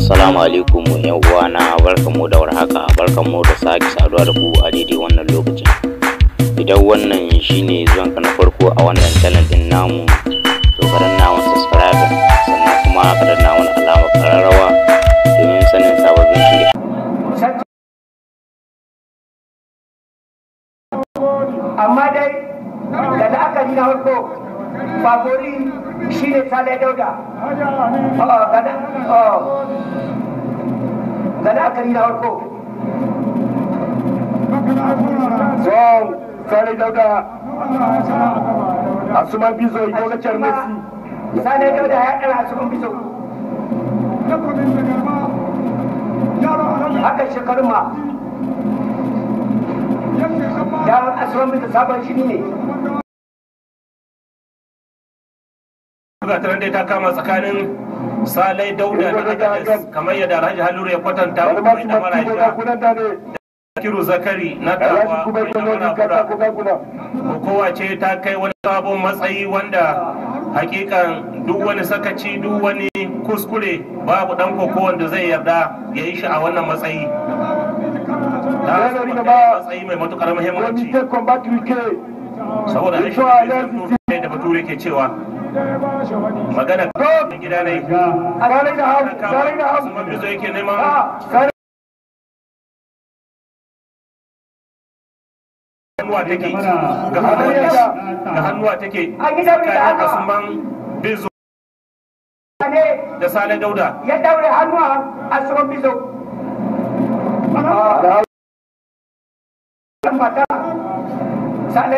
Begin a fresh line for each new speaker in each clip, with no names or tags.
Assalamu alaikum yan uwana barkanmu da warhaka barkanmu da sake saduwa da ku a daidai wannan lokacin. Idan wannan shine zuwan ka na farko a wannan channel
din namu to ka danna wani subscribe sannan kuma ka danna alama kararrawa domin sanin sababbin shirye. Amma dai da la'akari na farko
favori shi ne sale dauda oh, gada oh. akari na ko. zuwan sale dauda a suman bizo yi gogacin messi sale dauda ya ɗara a suman bizo haka shekarun ma yaron asuwan bizo sabon shi ne
gatarar da ta kama tsakanin salai dauda da agadis kamar yadda alhaji haluru ya kwatanta mai damara da kiru zakari na tawa mai da kura kowa ce ta kai wani sabon matsayi wanda hakikan duk wani sakaci duk wani kuskure babu dan koko wanda zai yarda ya yi shi a wannan matsayi ta matsayi mai matukar muhimmanci saboda rashin da bature ke cewa
magana
kan gida ne
sarai da hau
sarai da hau kuma bizo yake neman hannuwa take ga hannunta ga hannuwa take kayan asuman bizo da sale dauda ya daure hannuwa asuman bizo ah. amma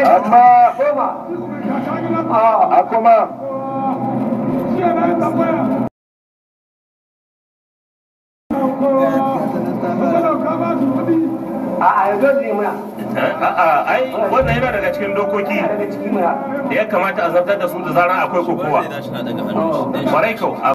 a kuma a
wannan yana daga cikin dokoki da ya kamata a zartar da su da zarar akwai kokowa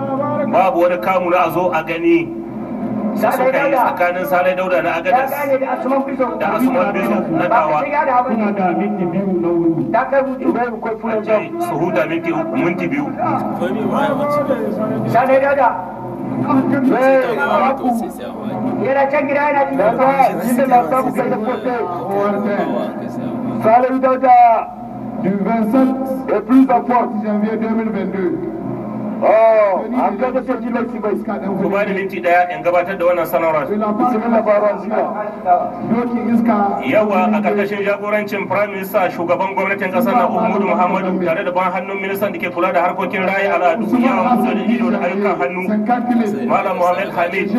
babu wani kamu na a zo a gani
sai suka yi tsakanin
salai dauda na agadas
da asuman bizu na dawa da minti biyu
da minti uku minti biyu
salai dauda du 27 et plus à 4 janvier 2022 Oh, an ga kasar jilarci bai ku
ba da minti daya in gabatar da wannan sanarwar yawa a karkashin jagorancin prime minister shugaban gwamnatin kasar na umudu muhammadu tare da ban hannun ministan da ke kula da harkokin rayu al'adu yawon kusa da ido da ayyukan hannu malam muhammad hamid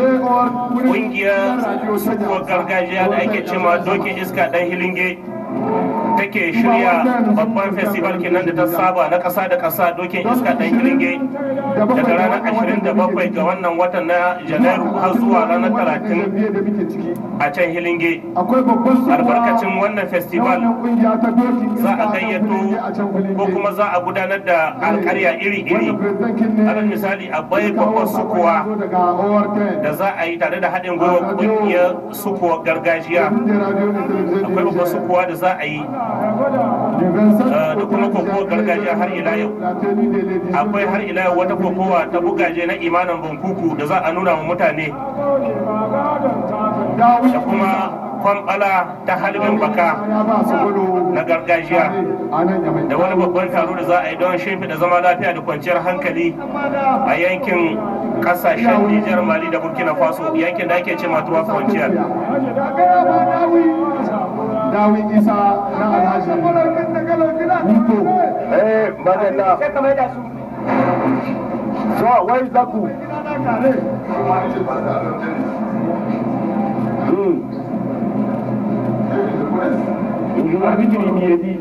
kungiyar gargajiya da ake cema dokin iska dan hilinge take shirya babban festival kenan da ta saba na ƙasa da kasa dokin iska ɗan kiringe daga ranar 27 ga wannan watan na janairu har zuwa ranar 30 a can hilinge albarkacin wannan festival za a gayyato ko kuma za a gudanar da alkarya iri-iri alal misali a bai babbar sukuwa da za a yi tare da haɗin gwiwa ƙungiyar sukuwar gargajiya akwai babbar sukuwa da za a yi eh, da kuma kokowar gargajiya har ila yau akwai har ila yau wata kokowa ta bugaje na imanin bankuku da za a nuna wa mutane da kuma kwamfala ta halibin baka na gargajiya da wani babban taro da za a yi don shimfiɗa zama lafiya da kwanciyar hankali a yankin kasashen nijar mali da burkina faso yankin da ake ce matuwa kwanciyar
dawiti sa naalasa po lang ang tagalog nila eh maganda so why is that good hmm hindi ko na bitin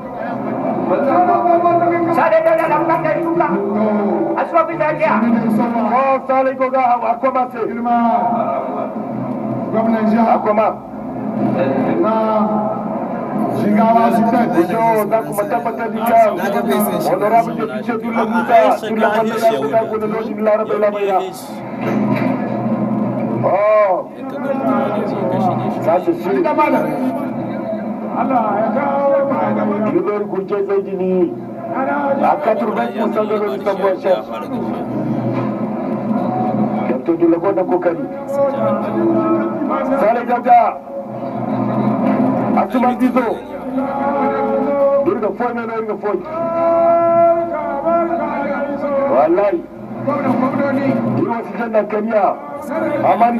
sare dada la muka tɛ tuba asuwa bi taa kɛya. ɔ sale ko ka a kɔma se. a kɔma. naa. Chegava a cidade, eu da como está para dedicar. Honorável de Piché do Lamuta, do Lamuta, do Lamuta, do Lamuta, do Lamuta, do Lamuta. Oh, ça c'est sûr. Gilbert Gurje zaidi ni à 80% de l'homme cherche. Captain du Lagon de Kokani. Saleh Gata. Asuman Dizo. Durga Foy na Durga Foy. Wallahi. Hiyo sijana Kenya. Amani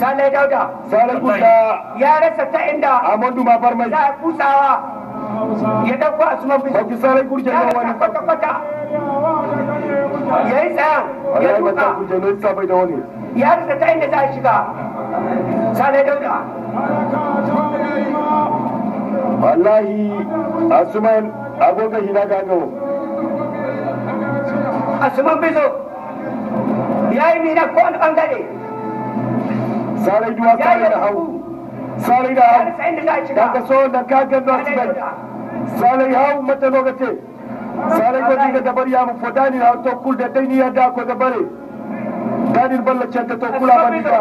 sanai dauda sarar kusa ya rasa ta inda amadu ma farmai za a kusawa ya dauko a suma bisu baki sarar kurje na wani kwata kwata
ya yi tsayan ya
duka ya rasa ta inda za a shiga sanai dauda wallahi asuman abokan hina gagawo asuman bizo ya yi mina ko wani bangare sarai duwa sarai da hau sarai da hau da ka so da ka gando sibai
sarai hau
mata lokace sarai gwadi da dabar ya mu fodani na to kul da dai ni ya da ko da bare dadin balla ce ta to kula ba dika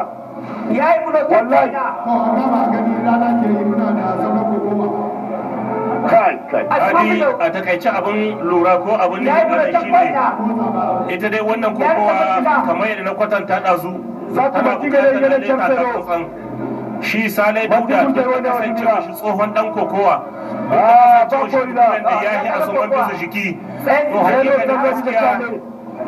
yayi mu da wallahi ma gani rana ke yi muna da sabon goma kai
kai a takaice abin lura ko abin da shi ne ita dai wannan kokowa kamar yadda na kwatanta ɗazu ana bukatar da taka shi salai dauda da kasance shi tsohon dan kokowa ah, da kasancewa shi da ya yi a tsohon bisa jiki to hakikanin gaskiya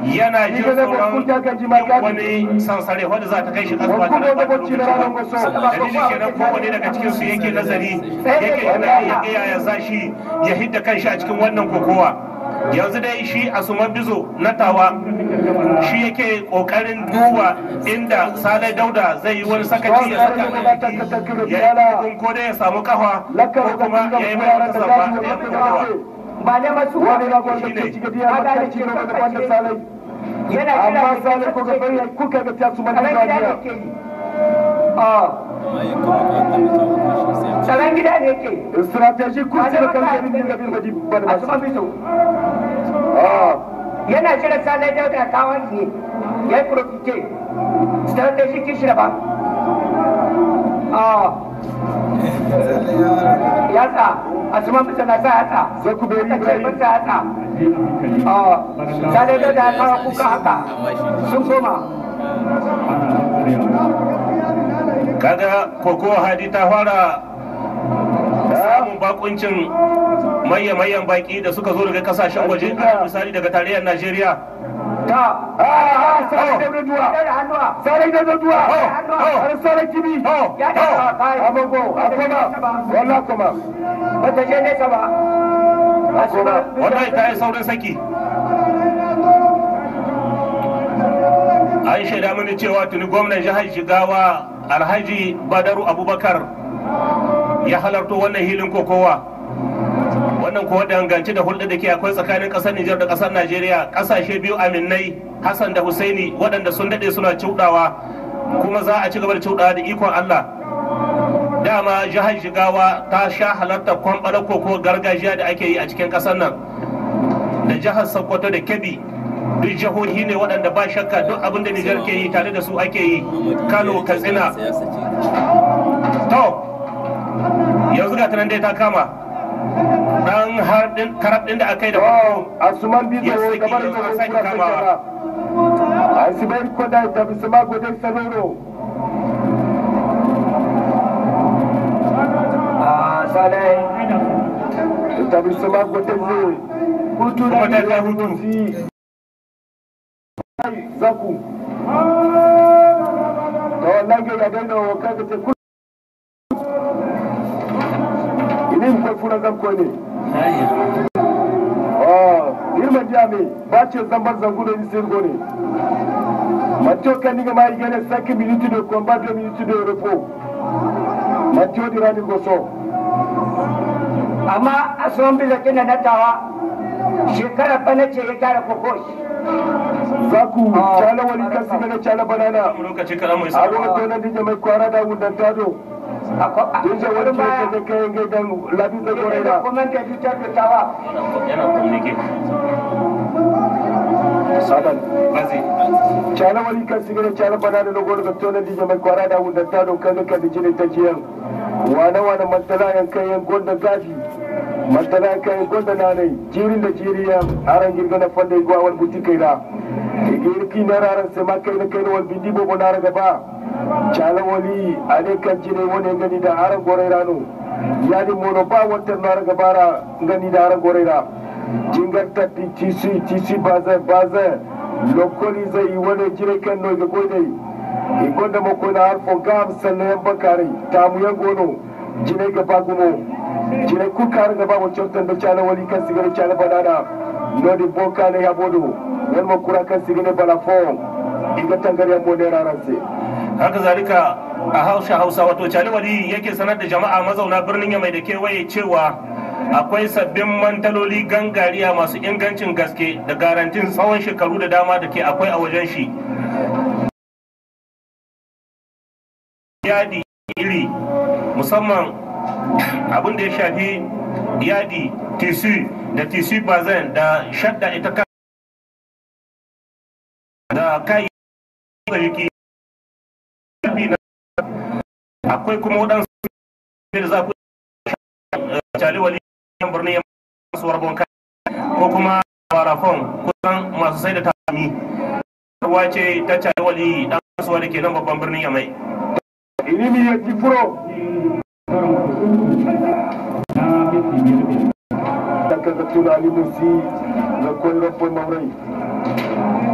yana jin tsoron wani sansare wanda za ta kai shi kasuwa ta rabar lokacin dalilin kenan kowane daga cikin su yake nazari yake yana yaya zashi ya hidda kanshi a cikin wannan kokowa yanzu dai shi a suma bizo na tawa shi yake kokarin duba inda sale dauda zai yi wani sakaci ya saka ya yi ko dai ya samu kafa ko kuma ya yi mai wani zamba ya
ba ne masu wani na gwamnati ne ba da cikin wanda sale amma sale ko ga kuka ga fiya su mana tsaron gida ne yake strategy kursi da kan jami'in yin rabin ba ah. yana shirin salai da da kawon ne ya yi profite strategy kishi ba ah. ya tsa na sa sai ku da ah. haka sun koma
kaga koko hadi ta fara samun bakuncin mayyamayyan baki da suka zo daga kasashen waje a misali daga tarayyar najeriya
ta a a a oh. Oh. Oh. a a ya a a a a a a a a a a
a yi saurin saki an shaida a cewa tuni gwamnan jihar a alhaji badaru abubakar ya halarto wannan hilin kokowa wannan kuwa danganci da hulɗa da ke akwai tsakanin ƙasar nijar da ƙasar najeriya ƙasashe biyu aminai hassan da husaini waɗanda sun daɗe suna cuɗawa kuma za a ci gaba da cuɗawa da ikon allah dama jihar jigawa ta sha halartar kwamɓalar koko gargajiya da ake yi a cikin ƙasar nan da jihar sokoto da kebbi duk jihohi ne waɗanda ba shakka duk abin da Nijar ke yi tare da su ake yi Kano Katsina to yanzu ga tunan dai ta kama dan karab din da aka yi da asuman bi da gabar da sai kama
asibai ko da da bisma godin saroro a sadai sama bisma godin zai hutu da hutu zaku tawallage ya daina wa kai ta ku inin ko fura zan ko ne ah, irma jami ba ce zambar zangudo ni sirgo ne matio kaniga ma igene 5 minutes de combat 2 minutes de repos matio dirani goso amma asombi na natawa shekara fa ce ya tara kokoshi za ku cala wani kasi daga cala banana a lokacin da dije mai kwara da wudan tado dije wani ke da kayan gidan labi da gore da sadan cala wani kasi daga cala banana da gore da tona dije mai kwara da wudan tado kan ka dije ne ta jiyan wane wane mantala yan kayan gonda gafi mantala yan kayan gonda na ne jirin da jiriya aran girgana fanda igwa wani butikai na. irki na raran sai ma kai na kai na wal bindi bobo na raga ba cala ale kan jire wani gani da haran gore rano ni mono ba wata na raga bara gani da haran gore ra jingar tatti tisi tisi baza baza lokoli zai wani jire kan no ga godai e igonda mako na harfo gam sallayan bakari tamu ya gono jire ga bagumo jire ku har gaba wacce wata da cala kan sigari cala banana nodi boka na ya bodo yalma kura kan sigine bala fo iga tangariya mo ne
haka zalika a hausa hausa wato caliwali yake sanar da jama'a mazauna birnin mai da kewaye cewa akwai sabbin mantaloli gangariya masu ingancin gaske da garantin tsawon shekaru da dama da ke akwai a wajen shi yadi iri musamman abin da ya shafi yadi tisi da tisi bazan da shadda ita da kai
sarki akwai kuma waɗansu da za ku cali wali yan birni ya masu warbon kai
ko kuma barafon kusan masu sai da tami ruwa ce ta cali wali dan kasuwa da ke nan babban birnin ya mai
ilimi ya ji furo da kaga tunani musi da kwallon fon maurai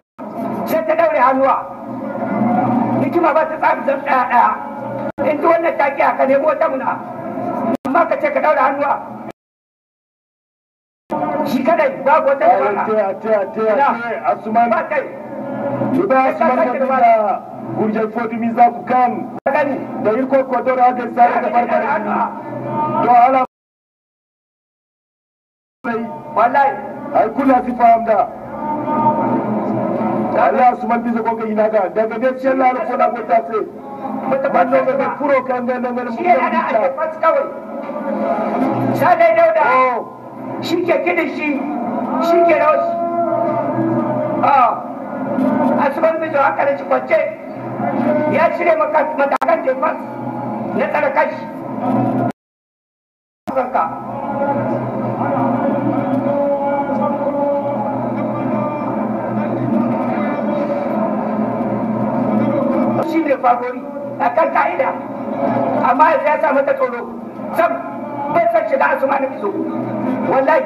sai ta daure hannuwa hikima ba ta tsari zan ɗaya ɗaya in ji
wannan ta ƙiya ka nemo ta muna amma ka ce ka daure hannuwa
shi kadai babu wata yawa tiya asuman ba kai tuba asuman ka bila gurjar fotumi za ku kan da yi kokodoro haka sai da barbare to ala wallahi ai kula fi fahimta Allah su man bisa ko ina ga daga da shi Allah ko na ta ce ban no ga kuro kan ga nan ga da ake ta kawai sa dai dauda oh. shi ke kidin shi shi ke rawas ah asuban bisa haka da shi kwace ya cire maka matakan tefas na tsarkashi kanka fagori a kan ka'ida amma yanzu ya sa mata tsoro sam bai san shiga a suma na fito wallahi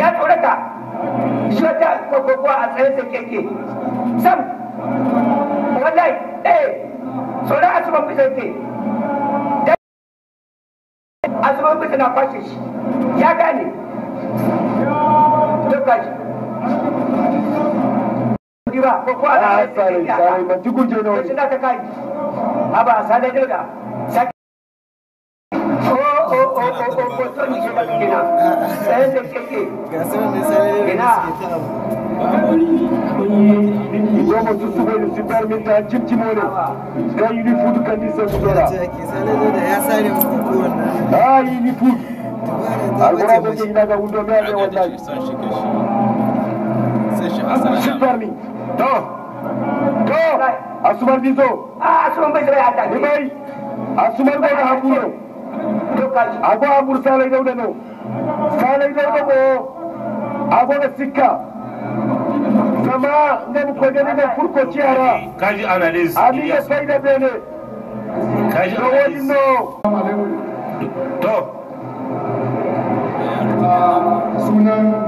ya tsorata shi wata kwakwakwa a tsaye sai keke sam wallahi ɗaya eh, tsoron a suma
fito ke a suma fito na kwashe shi
ya gane duk gashi dirga ko ko ala sare sare ma jigu je ta kai aba ga
ga wundo shi
minta. to to asumar bizo asumar bai zai hada ne bai asumar bai da hakuro abu abu salai dauda no salai dauda ko abu da sikka zama ne mu kwaje ne furko ciyara
kaji analysis abi
da kai da bene kaji analysis no to sunan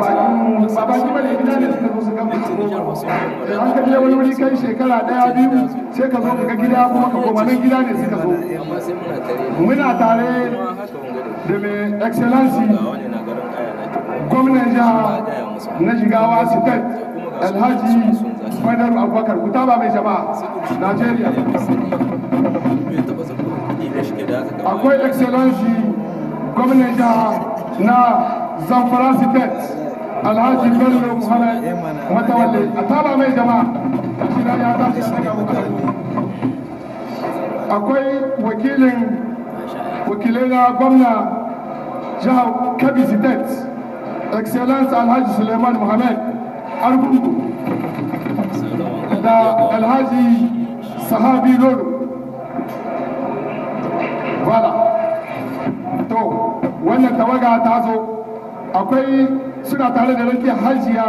ba ba gida ne suka zo su gama da an ka je wani wuri kai shekara daya biyu sai ka zo ka gida kuma ka koma nan gida ne suka zo muna tare da mai excellency gwamnan jiha na Jigawa sitet alhaji fadar abubakar kutaba mai jama'a nigeria
akwai excellency gwamnan jiha
na zamfara state alhaji bello muhammad matawalle a tara mai jama'a shida ya tashi akwai wakilin wakilai na gwamna
jihar kebbi state excellence alhaji suleiman muhammad argungu da alhaji sahabi lolo voilà to wannan
tawaga ta zo akwai suna tare da rikin hajiya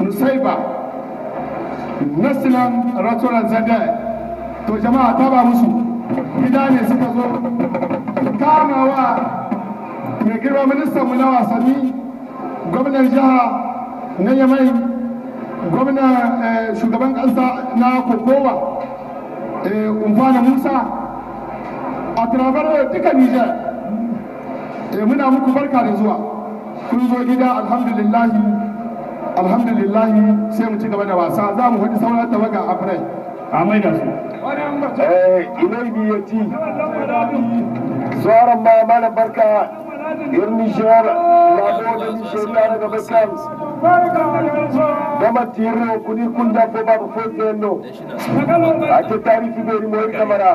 nusaiba nasilan restaurant zagaya to jama'a ta ba musu gida ne suka zo kamawa mai girma ministan mu na wasanni gwamnan jiha na yamai gwamnan eh, shugaban Kansa na kokowa eh, umfana musa a turabar duka nijar eh, muna muku barka da zuwa kun zo gida alhamdulillahi alhamdulillahi sai mu ci gaba da wasa za mu faɗi sauran tawaga a fure a mai da su eh, ilaibi ya ci tsoron ma malam barka irin shiwar labo da ni tare da bakan dama tiyarwa kuni kun dafo babu fote yanno a ke tarihi bai rimo kamara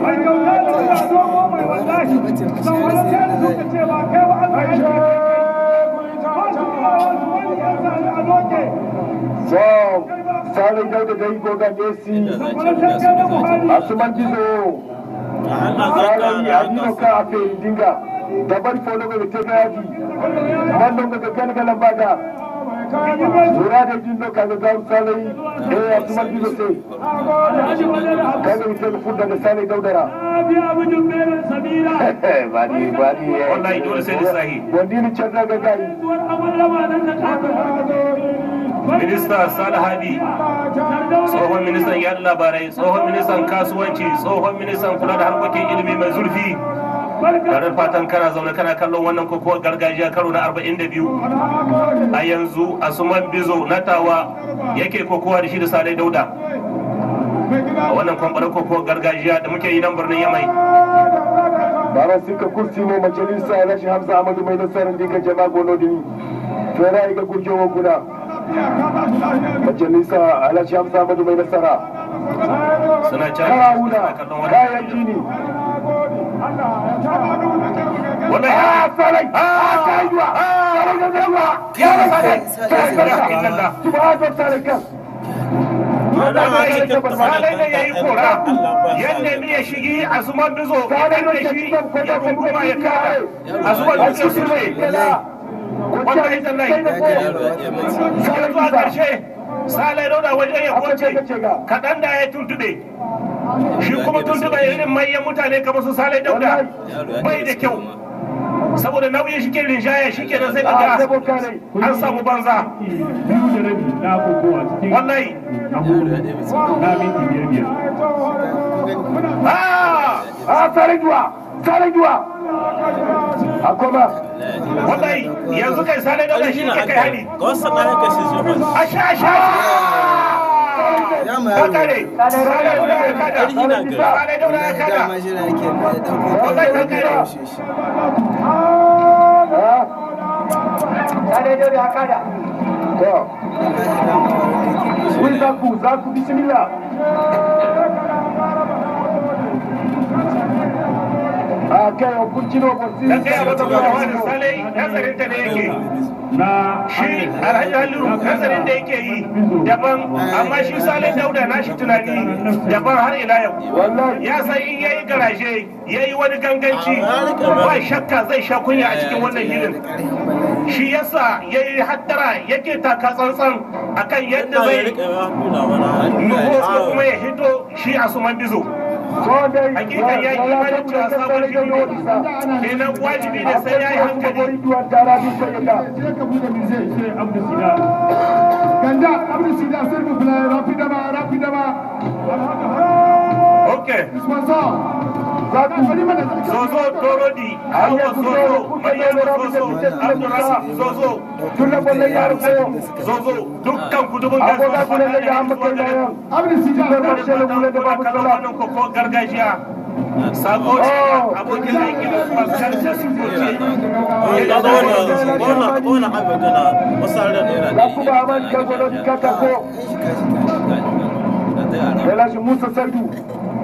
mai kyauta da a mai ce kai So, sare gau da dai goga desi asuman jizo sare yi adino a dinga da Murad Edin Lokal Zan Salai eh Asmar Bizo sai kada mu tafi fudda da Salai Daudara
bani bani wallahi dole sai da sahi wani ne can daga gai Minista Salahadi,
tsohon
ministan yaɗa labarai, tsohon ministan kasuwanci, tsohon ministan kula da harkokin ilimi mai zurfi, garin fatan kana zaune kana kallon wannan kokowar gargajiya karo na 42 a yanzu a suman bizo na tawa yake kokowa da shi da sadai dauda a wannan kwamfanin kokowar gargajiya da muke yi nan birnin yamai bara
ka kursi mai majalisa na shi hamza amadu mai nasarar dika jama'a gono dini to yana yi ga gujewa guda majalisa alhaji hamza amadu mai nasara suna cari suna kallon
wannan ya sarai a kayuwa sarai da zaiwa
ya yayi kora
yanda mi ya shigi shi ya runguma ya a zuman duzo su ne wannan ita lai sai da zuwa karshe sale roda wajen ya kwace kaɗan da ya tuntube shi kuma tuntube irin manyan mutane kamar su sale dauda bai da kyau saboda nauyin shi ke rinjaya shi ke nan sai ka ah, an samu banza wallahi
a juwa akoma
wallahi
yanzu kai sale da shi ke kai hani gosa da haka shi zuwa asha asha
Kakare, sale daura ya kada, sale daura ya kada, wallahi kakare.
Sale daura ya kada. To. Wai zaku, zaku bismillah. da tsaya wata wani
salai nazarin
ta da yake shi alhaji halilu nazarin da yake yi daban amma shi salai dauda na shi tunani daban har ila yau ya san in ya yi garaje ya yi wani ganganci ba shakka zai sha kunya a cikin wannan hilin shi yasa ya yi hattara yake taka tsantsan akan yadda zai nufo kuma ya hito shi a suman bizo hakika ya yi imanin cewa sabon jirgin kenan wajibi ne sai ya yi hankali
ganda abdu sida sai mu fly rapidama rapidama ok zozo torodi alba sozo maryama sozo abdurrasim sozo dulla bolle yar ko dukkan kudubun ga sozo ko ne da
amma ko da abin sidi ko da shele mule da babu sala ko ko gargajiya sako abokin aiki ba karshe su ko ce ya da wannan
wannan wannan abin da na wasar da ne na ku ba man ka godo ka ta ko Ela Musa sadu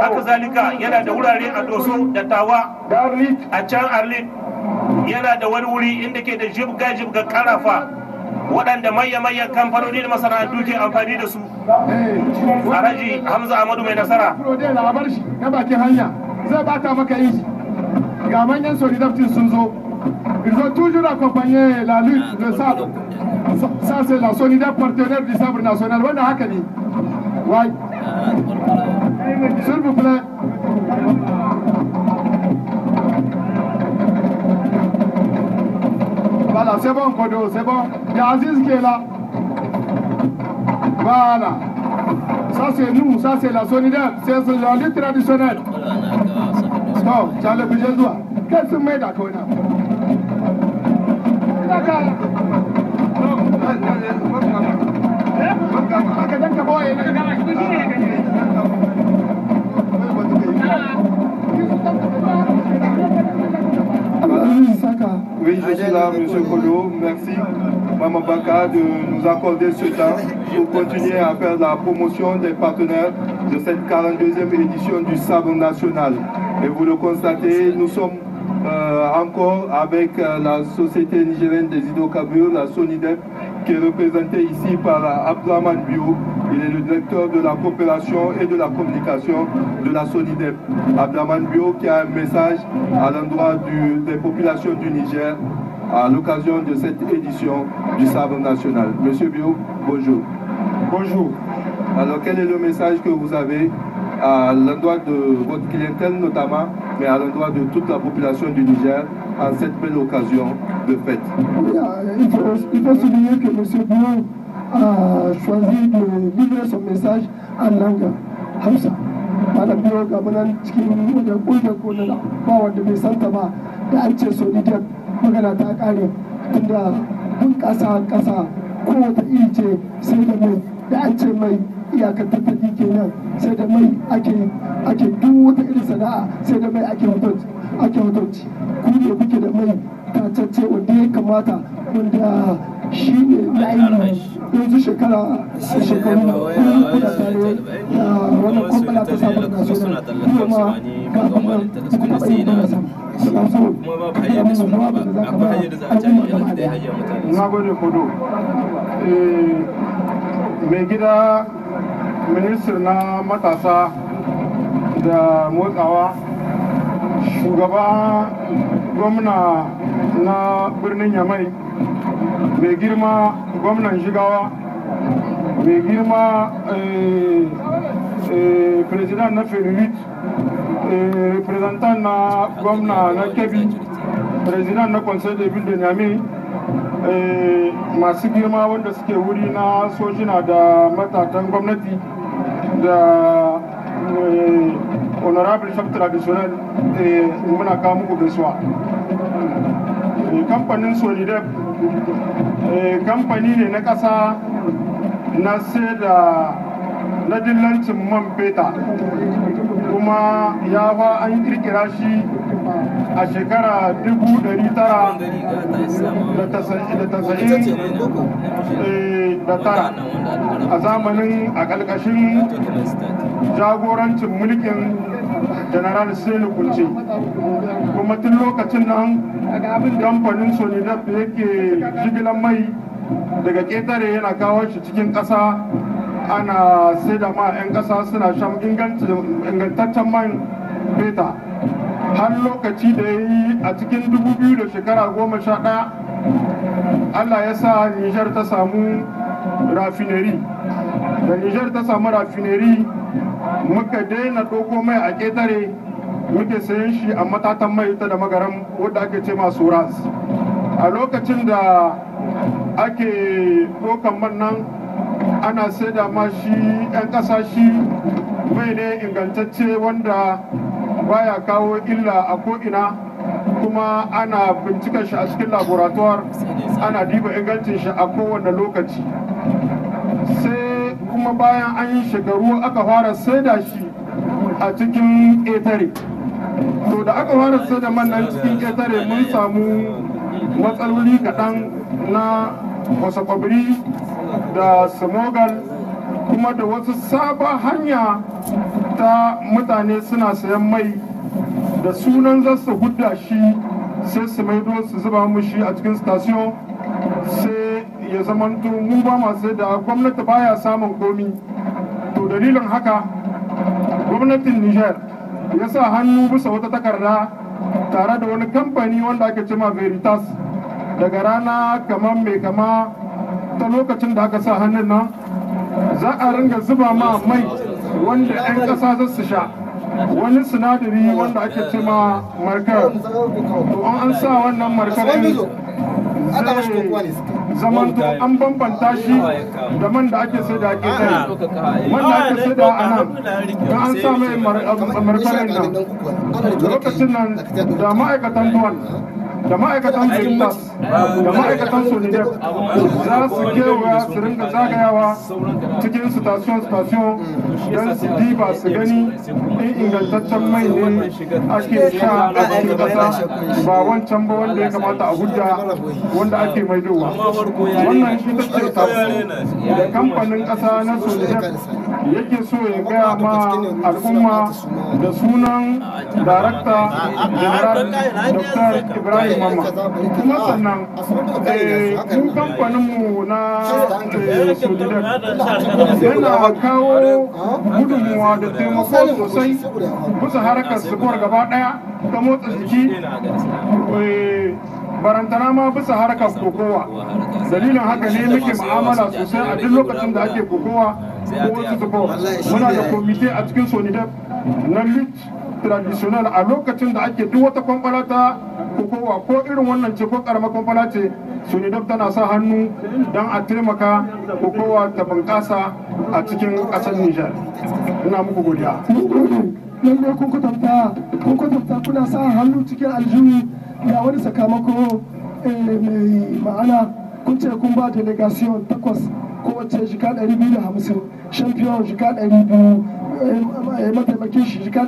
haka zalika yana da wurare a doso da tawa a can arlit yana da wani wuri inda ke da jibga jibga karafa waɗanda manya-manyan kamfanoni da masana'antu ke amfani da su eh. a raji hamza amadu mai nasara
na bakin hanya zai bata maka yi ga manyan solidaftin sun zo ils ont toujours accompagné la lutte le ah, sabre ça c'est la solidar partenaire du sabre national wannan haka ne S'il vous plaît. Voilà, c'est bon, c'est bon. Il y a Aziz qui est là. Voilà. Ça, c'est nous, ça, c'est la solidarité. C'est la lutte traditionnel. le budget Qu'est-ce que tu d'accord là
Oui, je suis là, M. Kolo. Merci, Maman Baka, de nous accorder ce temps pour continuer à faire la promotion des partenaires de cette 42e édition du Sabre national. Et vous le constatez, nous sommes euh, encore avec euh, la Société nigérienne des hydrocarbures, la SONIDEP, qui est représentée ici par Abdraman Bio. Il est le directeur de la coopération et de la communication de la SONIDEP. Abdaman Bio qui a un message à l'endroit des populations du Niger à l'occasion de cette édition du Sabre national. Monsieur Bio, bonjour. Bonjour. Alors quel est le message que vous avez à l'endroit de votre clientèle notamment, mais à l'endroit de toute la population du Niger en cette belle occasion de fête.
Il faut, se dire que monsieur Bio a choisi de livrer son message en langue hausa malam biyo ga munan cikin wajen kungiyar kolala ba wanda bai santa ba da an ce solidar magana ta kare tunda bunƙasa ƙasa kowace iri ce sai da mai da an ce mai iyakar tattaki kenan sai da mai ake ake duk wata irin sana'a sai da mai ake hutunci ku ne kuke da mai tacacce wanda ya kamata wanda shi ya yi yanzu shekara a shekaru na kuma kuna tare da wannan kwamfana ta samu da kaso na kuma ga abin da kuma bayi da kasa da kaso kuma ba hanyar da suna ba
akwai hanyar da a da na gode eh, gida ministir na matasa da motsawa shugaba gwamna na birnin yamai mai girma gwamnan shigawa mai girma eh, eh, president na ferulit eh, representant na gwamna na kebi president na conseil de ville de niamey masu girma wanda suke wuri na sojina da matatan gwamnati da honorable chef traditional muna kawo muku gaisuwa Eh, kamfanin solidep eh, kamfani ne na ƙasa na sai da na man feta kuma ya fa an kirkira shi a shekara 1999 eh, a zamanin a ƙarƙashin jagorancin mulkin general selu kulce kuma tun lokacin nan kamfanin solidar da yake jigilan mai daga ketare yana kawo shi cikin ƙasa ana sai da ma 'yan ƙasa suna shan ingantaccen man beta har lokaci da ya yi a cikin 2000 shekara goma sha ɗaya allah ya sa nijar ta samu rafineri da nijar ta samu rafineri muka daina ɗauko mai a ƙetare muke sayan shi a matatan mai ta da magaram wadda ake ce masu ras a lokacin da ake ɗaukan man nan ana saida ma shi 'yan ƙasa shi mai ne ingantacce wanda baya kawo illa a ko'ina kuma ana bincikan shi a cikin laboratoire ana diba ingancin shi a kowane lokaci sai kuma bayan an yi shekaru aka fara saida shi a cikin etare to da aka fara saida man nan cikin etare mun samu matsaloli kaɗan na wasakwabiri da samogal kuma da wasu sabon hanya ta mutane suna sayan mai da sunan zasu su shi sai su maido su zuba mushi a cikin stasiyon sai ya zamanto mu ba masu da gwamnati baya samun komi to dalilin haka gwamnatin niger ya sa hannu bisa wata takarda tare da wani kamfani wanda ake ma veritas daga rana kamar mai kama ta lokacin da aka sa hannun nan za a ringa zuba ma mai
wanda 'yan ƙasa
za su sha wani sinadari wanda ake ma markar
to
an sa wannan markar zai zaman to an bambanta shi da man da ake sai da ake sai man da ake sai da a nan
da an sa mai
marfarin nan lokacin nan da ma'aikatan duwan da ma'aikatan Zenitas da ma'aikatan Solidar za su kewaya su rinka zagayawa cikin station station don su diba su gani in ingantaccen mai ne ake sha a cikin kasa ba wancan ba wanda ya kamata a gudda wanda ake maidowa wannan shi
ta ce da
kamfanin kasa na Solidar yake so ya gaya ma al'umma da sunan darakta general dr ibrahim wallahi mama kuma sannan mun kamfanin mu na eh, yana kawo gudunmuwa da taimako sosai bisa harkar zubuwar gaba daya ta motsa jiki eh, barantana ma bisa harkar kokowa dalilin haka ne muke mu'amala sosai a duk lokacin da ake kokowa ko wasu zubo muna da komite a cikin sonidab na lit traditional a lokacin da ake duk wata kwamfara ta kokowa ko irin wannan ce ko karamar kwamfana ce sunidab tana sa hannu don a taimaka kokowa ta bunƙasa a cikin ƙasar nijar ina muku godiya
lallai kun kwatanta kun kwatanta kuna sa hannu cikin aljihu ga wani sakamako eh, mai ma'ana kun ce kun ba delegation takwas kowace jika 250 champion jika 200 eh, mataimakin shi jika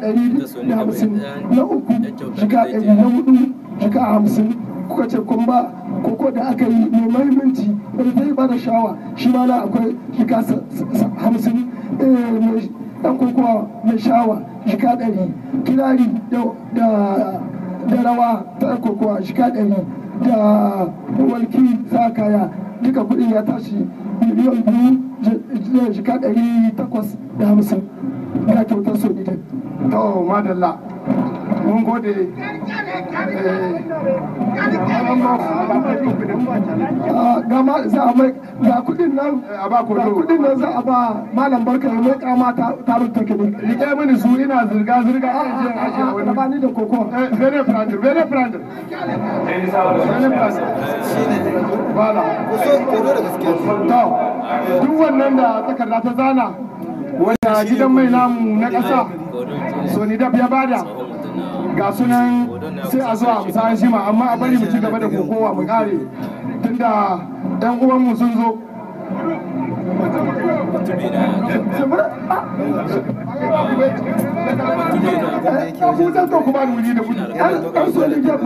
hamsin na uku jika ɗari na hudu raka hamsin kuka ce kun ba koko da aka yi mai mahimmanci wanda zai ba da shawa shi ma na akwai shiga hamsin dan eh, kokowa mai shawa shiga ɗari kirari da rawa ta kokowa shiga ɗari da walki kaya duka kuɗin ya tashi miliyan biyu shiga ɗari takwas da hamsin ya kyautar so idan. to madalla mun gode ga kudin nan kudin nan za a ba malam barka ya mai kama tarin take ne rike mini su ina zirga zirga a ajiyar ajiyar wani ba ni da koko eh, bene prander bene prander bene prander
to duk wannan da takarda ta zana wanda gidan mai namu na kasa, sonidab ya bada ga sunan sai a zuwa musa sa'an amma a bari mu ci gaba da kokowa mu kare tunda yan mu sun zo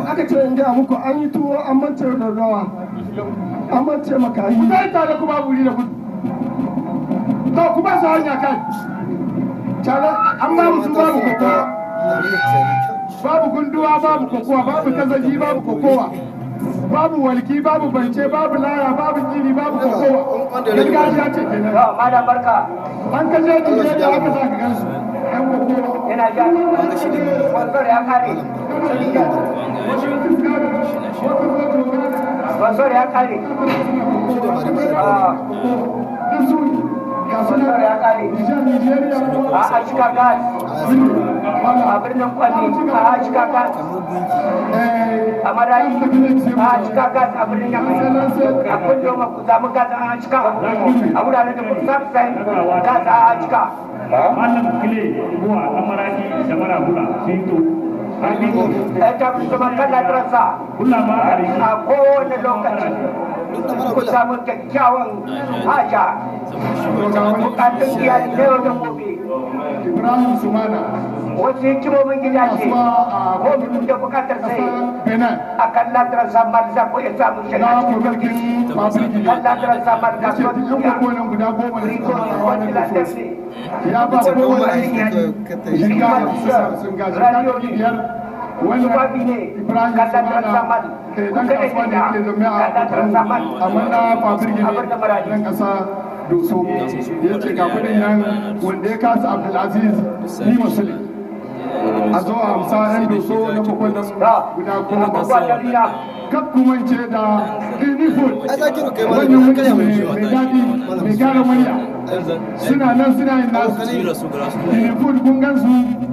aka ce muku an yi tuwo
an mance da rawa an mance tare kuma da to kuma su hanya kai tare an ba kokowa babu gunduwa babu kokowa babu tazaji babu kokowa babu walki babu bance babu laya babu gini babu kokowa gargajiya ce barka an ka je da aka sa ka gansu kokowa yana ya kare ya kare ya kare a birnin kwami a cikaka a marayi a cikaka a birnin yamai a kullum ku zamu gasa a cika a wuraren da ku safsai gasa a cika malam kile buwa a marayi da marahula sai to ta kuma kalla tarasa a kowane lokaci ku samu kyakkyawan haja bukatun iyali na yau da gobe wasu hikimomin gida ce ko mutum da bukatar sai a kan latarar samar da ko ya samu ya ba kowane shiga radiyo ne su babi ne kan kai dan kasuwa ke a kasa ya nan Abdulaziz ni a zo a hamsa yan doso na bakwai nan guda goma kar ku
mance da uniform wani wani mai daɗi mai gyara murya
suna nan suna yin nasu
uniform kun gan su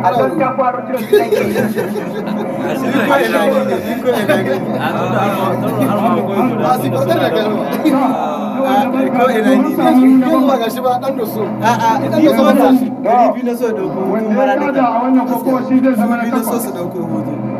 Akan campur harus terus lagi. Masih kotor ya kalau. Ko ina ni. Kin ba gashi ba dan doso. A'a, dan doso ba. Dari biyu na so dauko. Wanda ya da a wannan kokowa shi zai zama na kafa. Dari biyu na so su
dauko hoto.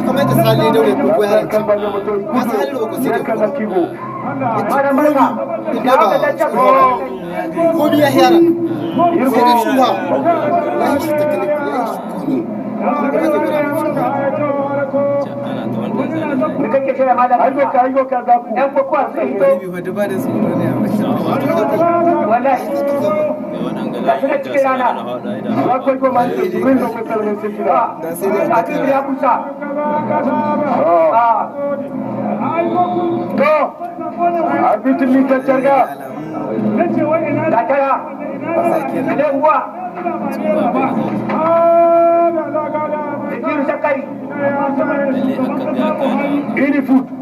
kamata sali daure ko ko haranci ma sali ko sai da ko inda ba
ko biya hera
sai da shuwa ya shi ta kale ya
shi
ko ne da kake kira malam ayyuka ayyuka ga ku
ɗan kwakwa sai hito wallahi ga
Ini food.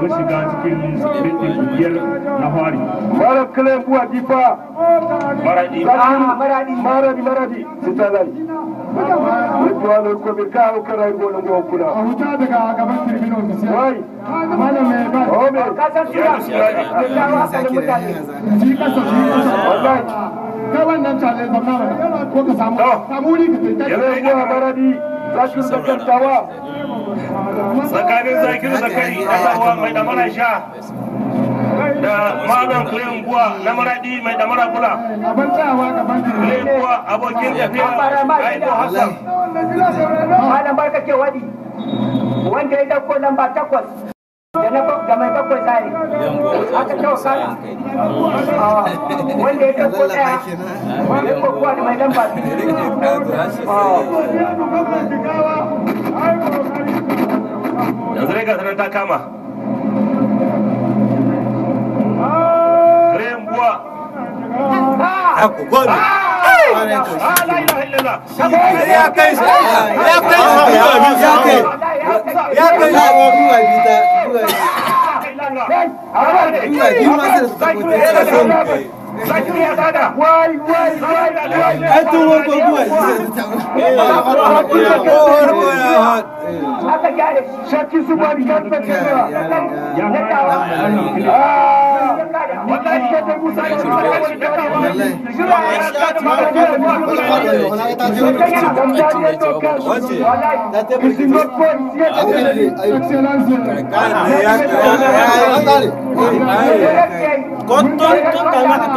mun shiga cikin bitin biyar na hari mara kalan buwa difa maradi maradi maradi maradi sitazali Mutuwar ko bi ka hau kara ko nan gawa kula. A huta daga gaban tribune official. Wai. Malam mai ba. Oh me. Ka san sura. Ka kawo haka da mutane. Ji ka san sura. Wallahi. Kai wannan challenge ba ka ko ka samu. Samu ni ka tafi. Yanzu ya maradi. zakin zakar tawa
tsakanin zakin zakari na tawa mai damara sha da malam kulen buwa na
maradi mai damara kula kulen buwa abokin tafiya aiko
hassan barka ke wadi wanda ya dauko lamba takwas da mai bakwai tsari aka kawo kara wanda ya ɗauko ɗaya wanda ya kokowa da mai lamba
yanzu ne gasar ta kama Graham Buwa ya kai
ya kai
ya kai ya kai
Hey, you might say
Sai ya sada.
Wai wai wai. Ai tu war ko ko. War ko ya hat. Aka gyare shaki su ba kan ta ce. Ya ta. Wallahi ka ta Musa da Muhammad da ta. Jira ya ta da Muhammad.
Wallahi.
Wallahi. Wallahi.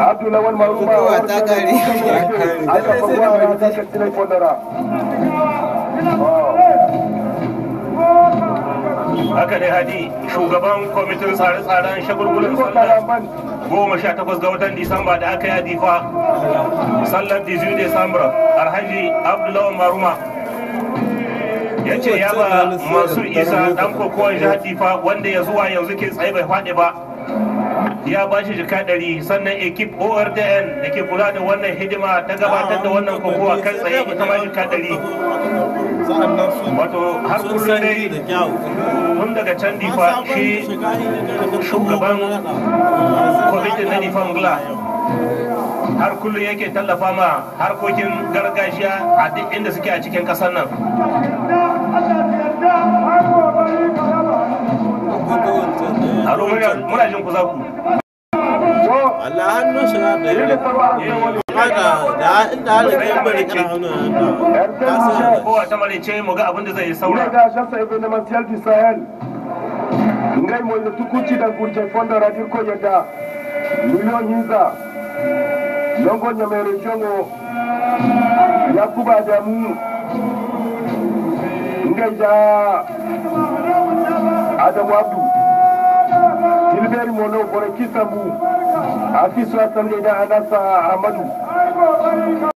Abdu Lawal Maruma a ta kare aka faruwa na zaka tilai fondara
haka dai, hadi shugaban kwamitin tsare-tsaren shagulgulan sallar goma sha takwas ga watan disamba da aka yi adifa sallar 18 disamba alhaji abdullawan maruma ya ce ya ba masu isa dan kokowar jihar difa wanda ya zuwa yanzu ke tsaye bai faɗi ba ya ba shi jika ɗari sannan ekip ordn da ke kula da wannan hidima ta gabatar da wannan kogowa kan tsaye ita kama jika ɗari wato har kullum dai tun daga can difa shi shugaban covid na difa har kullum yake tallafa ma harkokin gargajiya a duk inda suke a cikin ƙasar nan alo muna jin ku za ku Allah hannun shi na da kuma da da inda har da yan bari kana hannun da su kowa ta malice mu ga abin da zai yi saura
ga shafsa ibn masiyal di sahel ngai mo le tukuci da gurje fonda radio ko yadda miliyon hinza longo nyamere jongo yakuba da mu ngai da adamu abdu Bilbel Mono Borekissamu, Afisu Hassan Leda Anasa Ahmadu.